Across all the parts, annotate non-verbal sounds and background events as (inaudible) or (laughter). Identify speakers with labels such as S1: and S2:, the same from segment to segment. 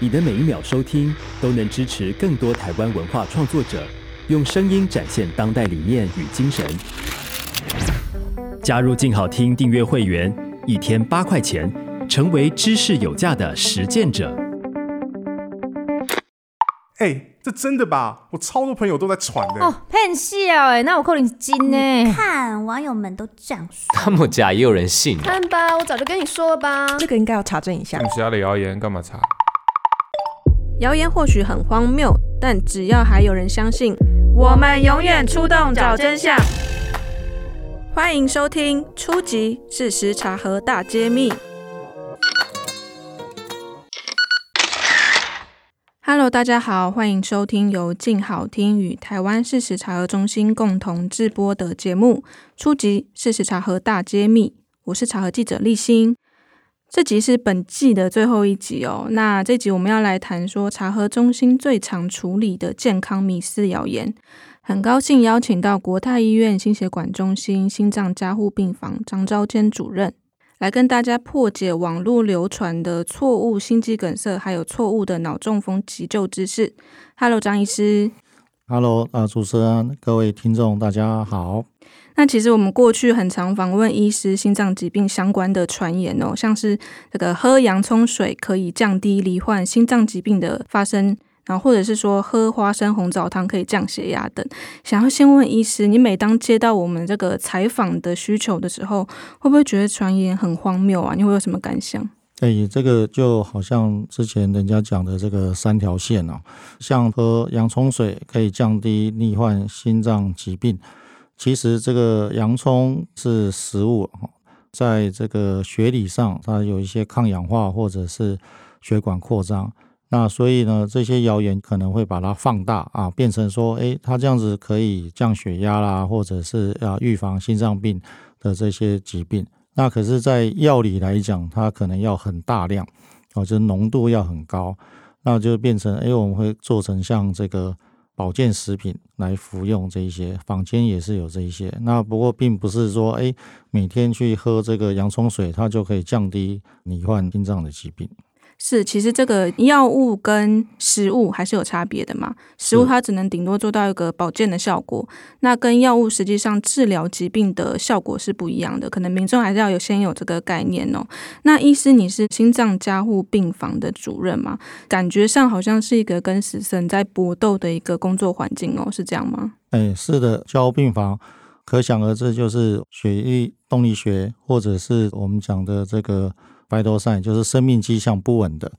S1: 你的每一秒收聽都能支持更多台灣文化創作者，用聲音展現當代理念與精神。加入鏡好聽訂閱會員，一天八塊錢，成為知識有價的實踐者。哎、欸，這真的吧？我超多朋友都在傳的
S2: 哦，騙笑哎，那我扣你金呢？看網友們都這樣
S1: 說，他們家也有人信？
S2: 看吧，我早就跟你說了吧。這個應該要查證一
S1: 下。那麼假的謠言幹嘛查？
S2: 謠言或許很荒謬，但只要還有人相信，我們永遠出動找真相。歡迎收聽《出擊！事實查核大揭密》。Hello，大家好，歡迎收聽由靜好聽與台灣事實查核中心共同制播的節目《出擊！事實查核大揭密》，我是查核記者立新。這集是本季的最後一集哦。那這集我們要來談說查核中心最常處理的健康迷思謠言。很高興邀請到國泰醫院心血管中心心臟加護病房張釗監主任，來跟大家破解網絡流傳的錯誤心肌梗塞，還有錯誤的腦中風急救知識。Hello，張醫師。
S1: 哈嘍啊，主持人，各位聽眾，大家好。
S2: 那其實我們過去很常訪問醫師心臟疾病相關的傳言哦，像是這個喝洋蔥水可以降低罹患心臟疾病的發生，然後或者是說喝花生紅棗湯可以降血壓等。想要先問醫師，你每當接到我們這個採訪的需求的時候，會不會覺得傳言很荒謬啊？你會有什麼感想？
S1: 哎，這個就好像之前人家講的這個三條線哦、啊，像喝洋蔥水可以降低罹患心臟疾病，其實這個洋蔥是食物，在這個學理上它有一些抗氧化或者是血管擴張，那所以呢，這些謠言可能會把它放大啊，變成說，哎，它這樣子可以降血壓啦，或者是啊預防心臟病的這些疾病。那可是，在藥理來講，它可能要很大量，哦，就是，濃度要很高，那就變成哎，欸，我們會做成像這個保健食品來服用這一些，坊間也是有這一些。那不過並不是說哎，欸，每天去喝這個洋蔥水，它就可以降低你患心臟的疾病。
S2: 是，其實這個藥物跟食物還是有差別的嘛。食物它只能頂多做到一個保健的效果，那跟藥物實際上治療疾病的效果是不一樣的。可能民眾還是要有先有這個概念哦。那醫師，你是心臟加護病房的主任嗎？感覺上好像是一個跟死神在搏鬥的一個工作環境哦，是這樣嗎？
S1: 哎，是的，加護病房，可想而知就是血液動力學，或者是我們講的這個。白頭塞就是生命跡象不穩的，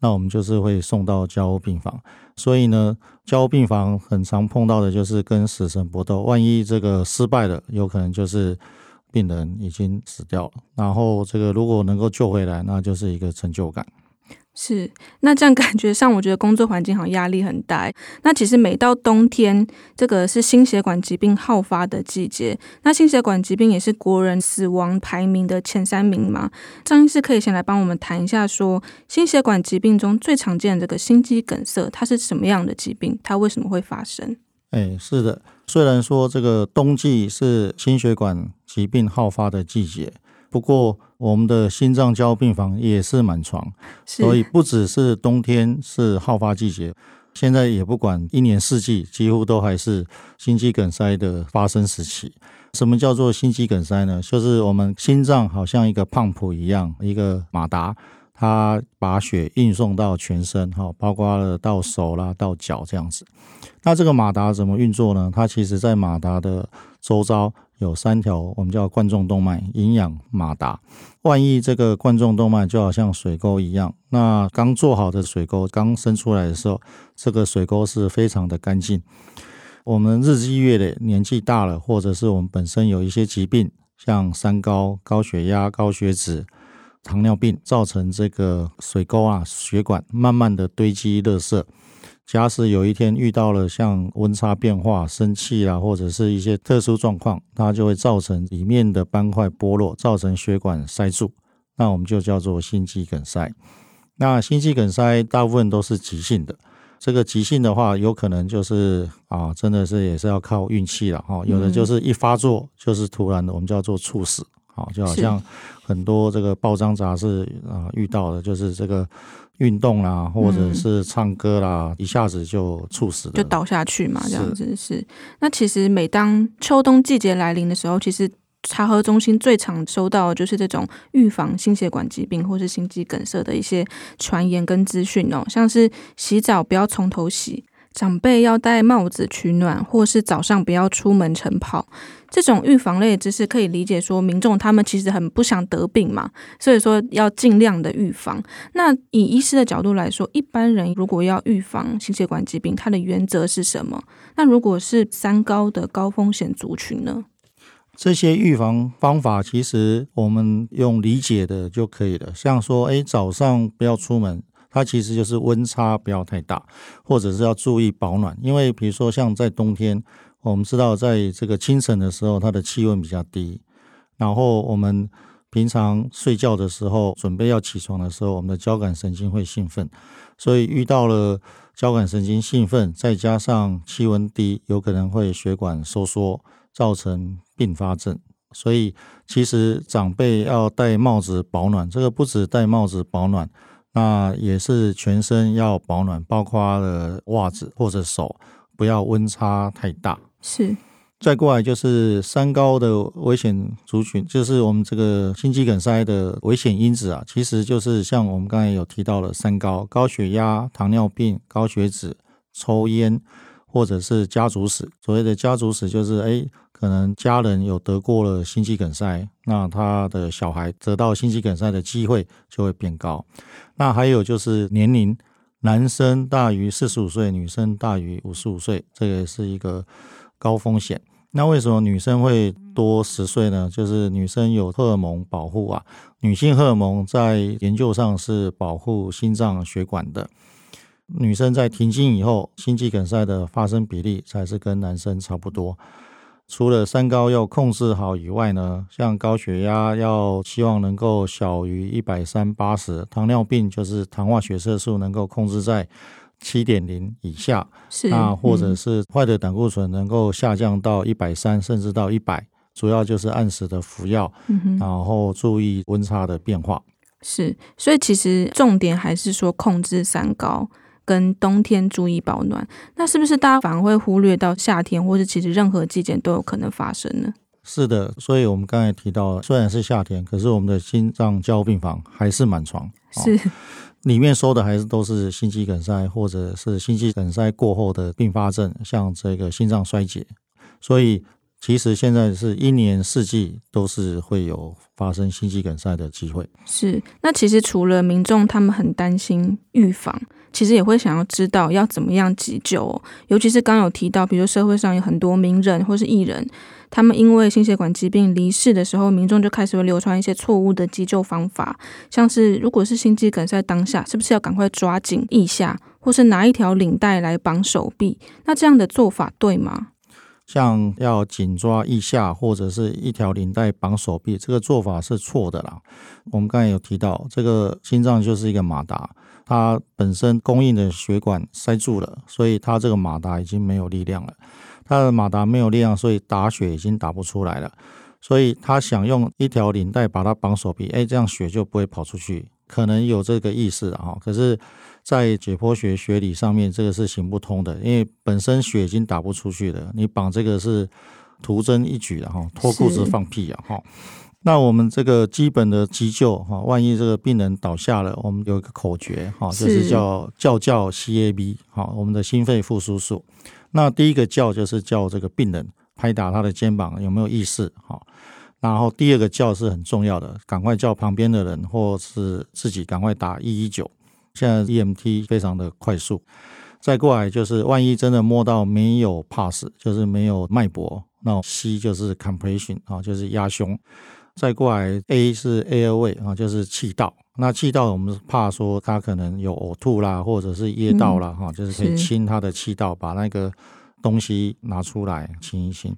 S1: 那我們就是會送到加護病房。所以呢，加護病房很常碰到的就是跟死神搏鬥。萬一這個失敗了，有可能就是病人已經死掉了。然後這個如果能夠救回來，那就是一個成就感。
S2: 是，那這樣感覺上，我覺得工作環境好像壓力很大。那其實每到冬天，這個是心血管疾病好發的季節。那心血管疾病也是國人死亡排名的前三名嘛。張醫師可以先來幫我們談一下說，說心血管疾病中最常見的這個心肌梗塞，它是什麼樣的疾病？它為什麼會發生？
S1: 誒，是的，雖然說這個冬季是心血管疾病好發的季節。不過，我們的心臟交病房也是滿床是，所以不只是冬天是好發季節，現在也不管一年四季，幾乎都還是心肌梗塞的發生時期。什麼叫做心肌梗塞呢？就是我們心臟好像一個幫浦一樣，一個馬達，它把血運送到全身，哈，包括了到手啦，到腳這樣子。那這個馬達怎麼運作呢？它其實在馬達的周遭。有三條，我們叫冠狀動脈營養馬達。萬一這個冠狀動脈就好像水溝一樣，那剛做好的水溝剛生出來的時候，這個水溝是非常的乾淨。我們日積月累，年紀大了，或者是我們本身有一些疾病，像三高、高血壓、高血脂、糖尿病，造成這個水溝啊血管慢慢的堆積垃圾。假使有一天遇到了像溫差變化、生氣啦、啊，或者是一些特殊狀況，它就會造成裡面的斑塊剝落，造成血管塞住，那我們就叫做心肌梗塞。那心肌梗塞大部分都是急性的，這個急性的話，有可能就是啊，真的是也是要靠運氣了哈。有的就是一發作就是突然的，我們叫做猝死，好，就好像很多這個報章雜誌啊遇到的，就是這個。運動啦，或者是唱歌啦，嗯、一下子就猝死，就倒
S2: 下去嘛，這樣子是，是。那其實每當秋冬季節來臨的時候，其實查核中心最常收到的就是這種預防心血管疾病或是心肌梗塞的一些傳言跟資訊哦，像是洗澡不要從頭洗。長輩要戴帽子取暖、或是早上不要出門晨跑，這種預防類的知識可以理解，說民眾他們其實很不想得病嘛，所以說要盡量的預防。那以醫師的角度來說，一般人如果要預防心血管疾病，它的原則是什麼？那如果是三高的高風險族群呢？
S1: 這些預防方法其實我們用理解的就可以了，像說，哎，早上不要出門。它其實就是溫差不要太大，或者是要注意保暖。因為比如說像在冬天，我們知道在這個清晨的時候，它的氣溫比較低。然後我們平常睡覺的時候，準備要起床的時候，我們的交感神經會興奮。所以遇到了交感神經興奮，再加上氣溫低，有可能會血管收縮，造成併發症。所以其實長輩要戴帽子保暖，這個不止戴帽子保暖。那也是全身要保暖，包括了襪子或者手，不要溫差太大。是，再過來就是三高的危險族群，就是我們這個心肌梗塞的危險因子啊，其實就是像我們剛才有提到的三高：高血壓、糖尿病、高血脂，抽煙或者是家族史。所謂的家族史就是哎。欸可能家人有得過了心肌梗塞，那他的小孩得到心肌梗塞的機會就會變高。那還有就是年齡，男生大於四十五歲，女生大於五十五歲，這也是一個高風險。那為什麼女生會多十歲呢？就是女生有荷爾蒙保護啊，女性荷爾蒙在研究上是保護心臟血管的。女生在停經以後，心肌梗塞的發生比例才是跟男生差不多。除了三高要控制好以外呢，像高血壓要希望能夠小於一百三、八十，糖尿病就是糖化血色素能夠控制在七點零以下，是，那或者是壞的膽固醇能夠下降到一百三甚至到一百、嗯，主要就是按時的服藥、嗯，然後注意溫差的變化。
S2: 是，所以其實重點還是說控制三高。跟冬天注意保暖。那是不是大家反而會忽略到夏天，或者其實任何季節都有可能發生呢？
S1: 是的，所以我們剛才提到，雖然是夏天，可是我們的心臟加護病房還是滿床，是、哦、裡面收的還是都是心肌梗塞，或者是心肌梗塞過後的併發症，像這個心臟衰竭，所以。其實現在是一年四季都是會有發生心肌梗塞的機會。
S2: 是，那其實除了民眾他們很擔心預防，其實也會想要知道要怎麼樣急救哦。尤其是剛有提到，比如社會上有很多名人或是藝人，他們因為心血管疾病離世的時候，民眾就開始會流傳一些錯誤的急救方法，像是如果是心肌梗塞當下，是不是要趕快抓緊腋下，或是拿一條領帶來綁手臂？那這樣的做法對嗎？
S1: 像要緊抓腋下或者是一條領帶綁手臂，這個做法是錯的啦。我們剛才有提到，這個心臟就是一個馬達，它本身供應的血管塞住了，所以它這個馬達已經沒有力量了。它的馬達沒有力量，所以打血已經打不出來了。所以他想用一條領帶把它綁手臂，哎、欸，這樣血就不會跑出去，可能有這個意思啊。可是。在解剖學學理上面，這個是行不通的，因為本身血已經打不出去了，你綁這個是徒增一舉了哈，脫褲子放屁呀哈。那我們這個基本的急救哈，萬一這個病人倒下了，我們有一個口訣哈，就是叫叫叫 C A B 哈，我們的心肺復甦術。那第一個叫就是叫這個病人拍打他的肩膀，有沒有意識哈？然後第二個叫是很重要的，趕快叫旁邊的人或是自己趕快打一一九。現在 E M T 非常的快速，再過來就是萬一真的摸到沒有 pass，就是沒有脈搏，那 C 就是 compression 啊，就是壓胸。再過來 A 是 airway 啊，就是氣道。那氣道我們怕說他可能有嘔吐啦，或者是噎到啦，哈、嗯，就是可以清他的氣道，把那個。東西拿出來清一清，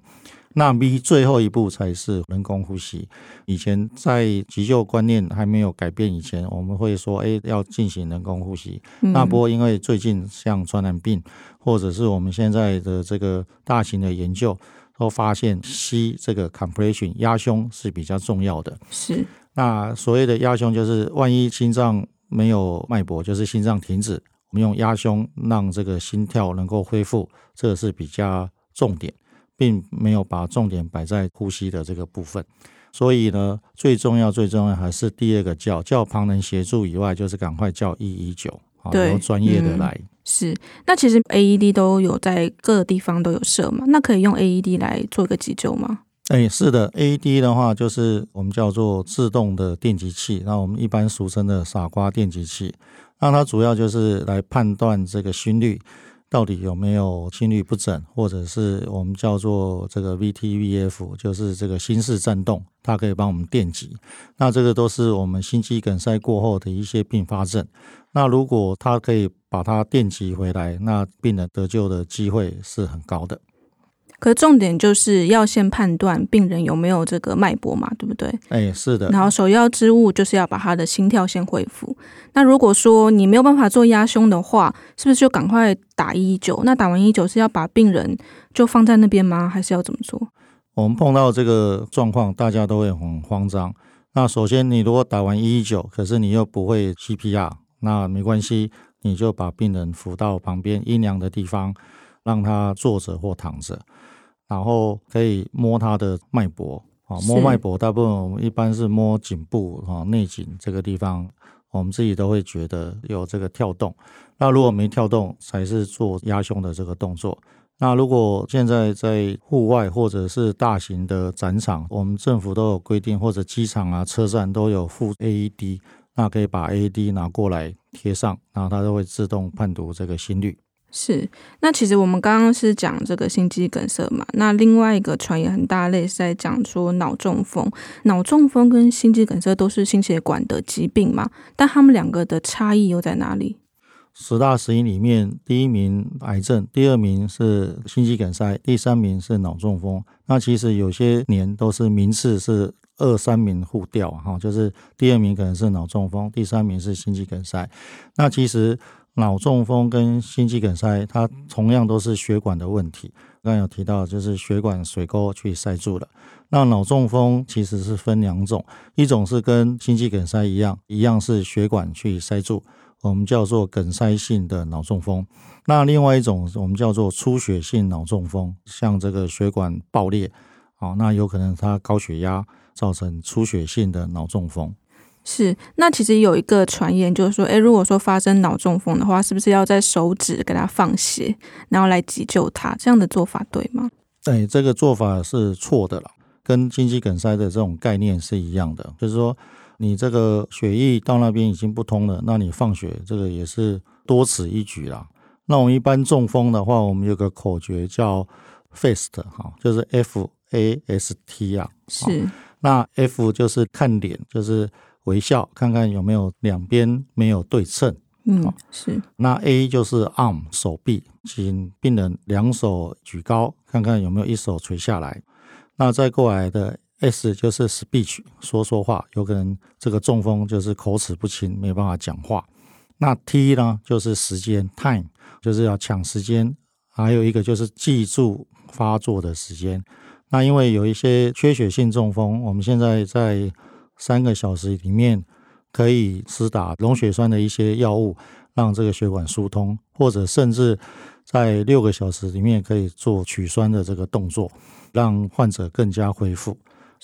S1: 那 B 最後一步才是人工呼吸。以前在急救觀念還沒有改變以前，我們會說，誒，欸，要進行人工呼吸。嗯。那不過因為最近像傳染病或者是我們現在的這個大型的研究，都發現 C 這個 compression 壓胸是比較重要的。是，那所謂的壓胸就是萬一心臟沒有脈搏，就是心臟停止。我們用壓胸讓這個心跳能夠恢復，這是比較重點，並沒有把重點擺在呼吸的這個部分。所以呢，最重要、最重要還是第二個叫叫旁人協助以外，就是趕快叫一一九，然後專業的來、
S2: 嗯。是，那其實 AED 都有在各個地方都有設嘛，那可以用 AED 來做一個急救嗎？
S1: 哎、欸，是的，A D 的話就是我們叫做自動的電擊器，那我們一般俗稱的傻瓜電擊器。那它主要就是來判斷這個心率到底有沒有心律不整，或者是我們叫做這個 V T V F，就是這個心室顫動，它可以幫我們電擊。那這個都是我們心肌梗塞過後的一些併發症。那如果它可以把它電擊回來，那病人得救的機會是很高的。
S2: 可重點就是要先判斷病人有沒有這個脈搏嘛，對不對？
S1: 哎，是的。然後
S2: 首要之務，就是要把他的心跳先恢復。那如果說你沒有辦法做壓胸的話，是不是就趕快打一一九？那打完一一九是要把病人就放在那邊嗎？還是要怎麼做？
S1: 我們碰到這個狀況，大家都會很慌張。那首先，你如果打完一一九，可是你又不會 CPR，那沒關係，你就把病人扶到旁邊陰涼的地方。讓他坐着或躺着，然後可以摸他的脈搏啊，摸脈搏，大部分我們一般是摸頸部啊，內頸這個地方，我們自己都會覺得有這個跳動。那如果沒跳動，才是做壓胸的這個動作。那如果現在在戶外或者是大型的展場，我們政府都有規定，或者機場啊、車站都有附 AED，那可以把 AED 拿過來貼上，然後它就會自動判讀這個心律。
S2: 是，那其實我們剛剛是講這個心肌梗塞嘛，那另外一個傳言很大類是在講說腦中風，腦中風跟心肌梗塞都是心血管的疾病嘛，但他們兩個的差異又在哪裡？
S1: 十大死因裡面，第一名癌症，第二名是心肌梗塞，第三名是腦中風。那其實有些年都是名次是二三名互調哈，就是第二名可能是腦中風，第三名是心肌梗塞。那其實。腦中風跟心肌梗塞，它同樣都是血管的問題。剛剛有提到，就是血管水溝去塞住了。那腦中風其實是分兩種，一種是跟心肌梗塞一樣，一樣是血管去塞住，我們叫做梗塞性的腦中風。那另外一種，我們叫做出血性腦中風，像這個血管爆裂啊，那有可能它高血壓造成出血性的腦中風。
S2: 是，那其實有一個傳言，就是說，哎，如果說發生腦中風的話，是不是要在手指給它放血，然後來急救它？這樣的做法對嗎？
S1: 對，這個做法是錯的啦，跟心肌梗塞的這種概念是一樣的，就是說，你這個血液到那邊已經不通了，那你放血這個也是多此一舉啦。那我們一般中風的話，我們有個口訣叫 FAST，哈，就是 F A S T 啊，是，那 F 就是看臉，就是。微笑，看看有沒有兩邊沒有對稱。嗯，是。那 A 就是 arm 手臂，請病人兩手舉高，看看有沒有一手垂下來。那再過來的 S 就是 speech 說說話，有可能這個中風就是口齒不清，沒辦法講話。那 T 呢就是時間 time，就是要搶時間，還有一個就是記住發作的時間。那因為有一些缺血性中風，我們現在在。三個小時裡面可以施打溶血栓的一些藥物，讓這個血管疏通，或者甚至在六個小時裡面可以做取栓的這個動作，讓患者更加恢復。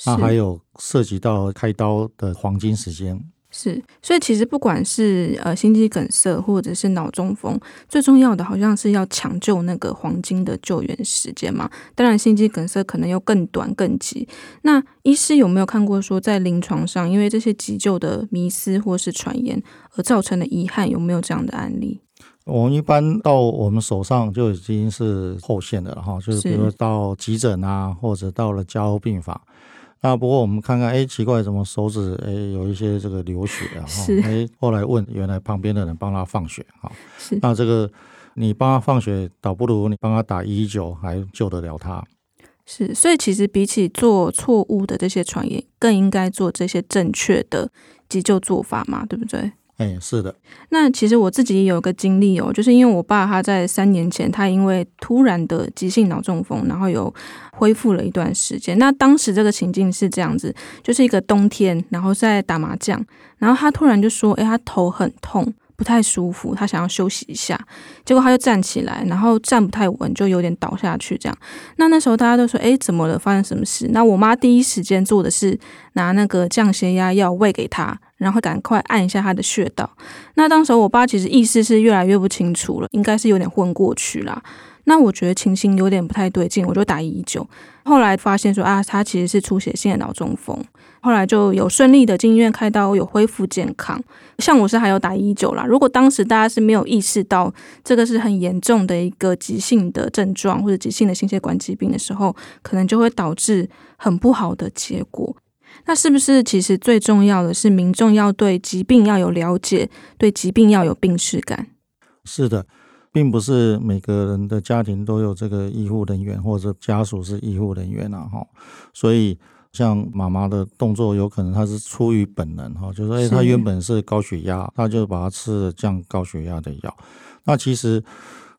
S1: 那還有涉及到開刀的黃金時間。
S2: 是，所以其實不管是呃心肌梗塞或者是腦中風，最重要的好像是要搶救那個黃金的救援時間嘛。當然，心肌梗塞可能要更短，更急。那醫師有沒有看過說，在臨床上，因為這些急救的迷思或是傳言而造成的遺憾，有沒有這樣的案例？
S1: 我們一般到我們手上就已經是後線的了哈，就是比如到急診啊，或者到了加護病房。那不過我們看看，哎、欸，奇怪，怎麼手指哎、欸、有一些這個流血啊？是。哎、欸，後來問，原來旁邊的人幫他放血啊。是。那這個你幫他放血，倒不如你幫他打一九，還救得了他。
S2: 是。所以其實比起做錯誤的這些傳言，更應該做這些正確的急救做法嘛，對不對？哎、嗯，是的。那其實我自己也有一個經歷哦，就是因為我爸他在三年前，他因為突然的急性腦中風，然後有恢復了一段時間。那當時這個情境是這樣子，就是一個冬天，然後在打麻將，然後他突然就說：“哎、欸，他頭很痛，不太舒服，他想要休息一下。”結果他就站起來，然後站不太穩，就有點倒下去這樣。那那時候大家都說：“哎、欸，怎麼了？發生什麼事？”那我媽第一時間做的是拿那個降血壓藥餵給他。然後趕快按一下他的穴道。那當時我爸其實意識是越來越不清楚了，應該是有點昏過去了。那我覺得情形有點不太對勁，我就打一一九。後來發現說啊，他其實是出血性的腦中風。後來就有順利的進醫院開刀，有恢復健康。像我是還有打一一九啦。如果當時大家是沒有意識到這個是很嚴重的一個急性的症狀或者急性的心血管疾病的時候，可能就會導致很不好的結果。那是不是其實最重要的是民眾要對疾病要有了解，對疾病要有病識感？
S1: 是的，並不是每個人的家庭都有這個醫護人員或者家屬是醫護人員啊，哈。所以像媽媽的動作，有可能她是出於本能，哈，就是哎，她原本是高血壓，她就把它吃了降高血壓的藥。那其實。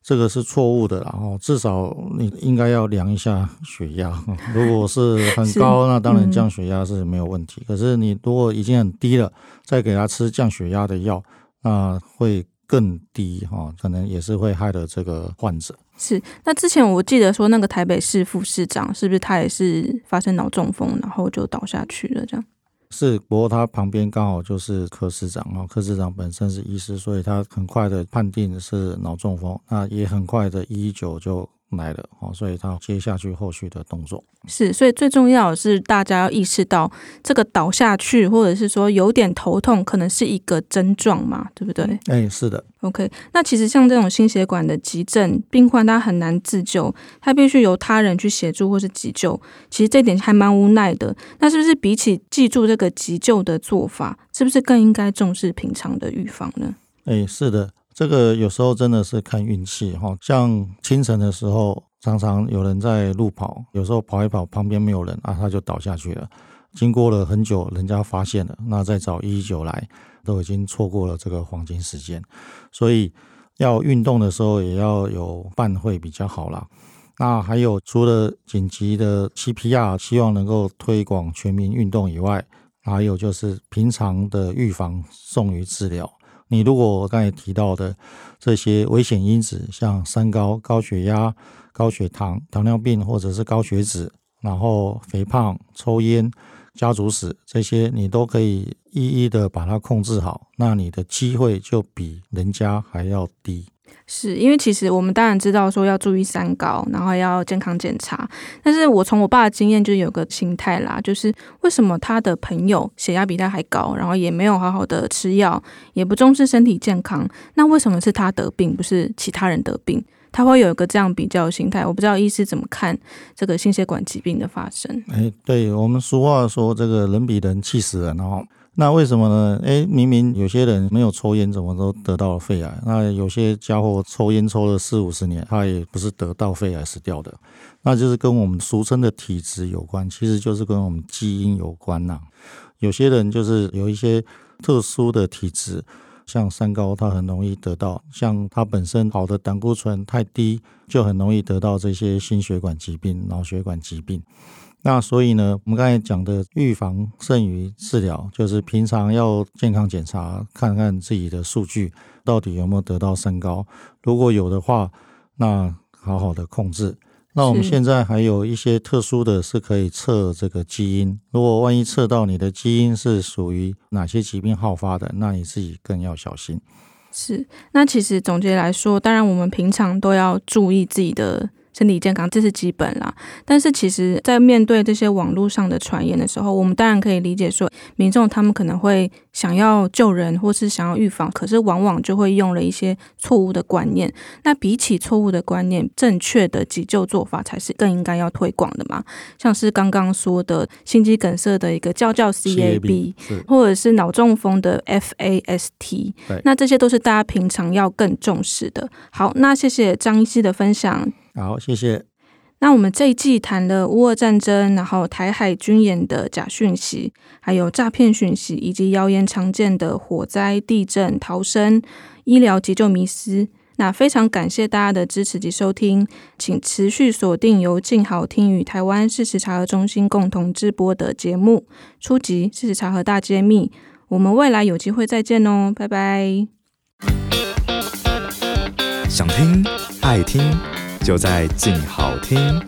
S1: 這個是錯誤的，然後至少你應該要量一下血壓。如果是很高， (laughs) 那當然降血壓是沒有問題，嗯。可是你如果已經很低了，再給他吃降血壓的藥，那會更低哈，可能也是會害了這個患者。
S2: 是，那之前我記得說那個台北市副市長是不是他也是發生腦中風，然後就倒下去了這樣。
S1: 是，不過他旁邊剛好就是柯市長啊，柯市長本身是醫師，所以他很快的判定是腦中風，那也很快的一一九就。來了哦，所以他接下去後續的動作
S2: 是，所以最重要是大家要意識到，這個倒下去或者是說有點頭痛，可能是一個症狀嘛，對不對？哎，是的。OK，那其實像這種心血管的急症病患，他很難自救，他必須由他人去協助或是急救。其實這點還蠻無奈的。那是不是比起記住這個急救的做法，是不是更應該重視平常的預防呢？
S1: 哎，是的。這個有時候真的是看運氣哈，像清晨的時候，常常有人在路跑，有時候跑一跑，旁邊沒有人啊，他就倒下去了。經過了很久，人家發現了，那再找一一九來，都已經錯過了這個黃金時間。所以要運動的時候，也要有伴會比較好啦。那還有除了緊急的 CPR，希望能夠推廣全民運動以外，還有就是平常的預防重於治療。你如果我剛才提到的這些危險因子，像三高、高血壓、高血糖、糖尿病，或者是高血脂，然後肥胖、抽菸、家族史這些，你都可以一一的把它控制好，那你的機會就比人家還要低。
S2: 是因為其實我們當然知道說要注意三高，然後要健康檢查。但是我從我爸的經驗就有個心態啦，就是為什麼他的朋友血壓比他還高，然後也沒有好好的吃藥，也不重視身體健康，那為什麼是他得病，不是其他人得病？他會有一個這樣比較的心態。我不知道醫師怎麼看這個心血管疾病的發生。
S1: 誒、欸，對，我們俗話說，這個人比人氣死人哦。那為什麼呢？誒，明明有些人沒有抽煙，怎麼都得到了肺癌？那有些家伙抽煙抽了四五十年，他也不是得到肺癌死掉的，那就是跟我們俗稱的體質有關，其實就是跟我們基因有關吶。有些人就是有一些特殊的體質，像三高，他很容易得到；像他本身好的膽固醇太低，就很容易得到這些心血管疾病、腦血管疾病。那所以呢，我們剛才講的預防勝於治療，就是平常要健康檢查，看看自己的數據到底有沒有得到升高。如果有的話，那好好的控制。那我們現在還有一些特殊的是可以測這個基因，如果萬一測到你的基因是屬於哪些疾病好發的，那你自己更要小心。
S2: 是，那其實總結來說，當然我們平常都要注意自己的。身體健康，這是基本啦。但是，其實，在面對這些網絡上的傳言的時候，我們當然可以理解說，民眾他們可能會想要救人或是想要預防，可是往往就會用了一些錯誤的觀念。那比起錯誤的觀念，正確的急救做法才是更應該要推廣的嘛？像是剛剛說的心肌梗塞的一個叫叫 CAB，或者是腦中風的 FAST，那這些都是大家平常要更重視的。好，那謝謝張醫師的分享。好，謝謝。那我們這一季談了烏俄戰爭，然後台海軍演的假訊息，還有詐騙訊息，以及謠言常見的火災、地震逃生、醫療急救、迷思。那非常感謝大家的支持及收聽，請持續鎖定由靜好聽與台灣事實查核中心共同製播的節目《出擊！事實查核大揭密》。我們未來有機會再見哦，拜拜。
S1: 想聽，愛聽。就在靜好聽。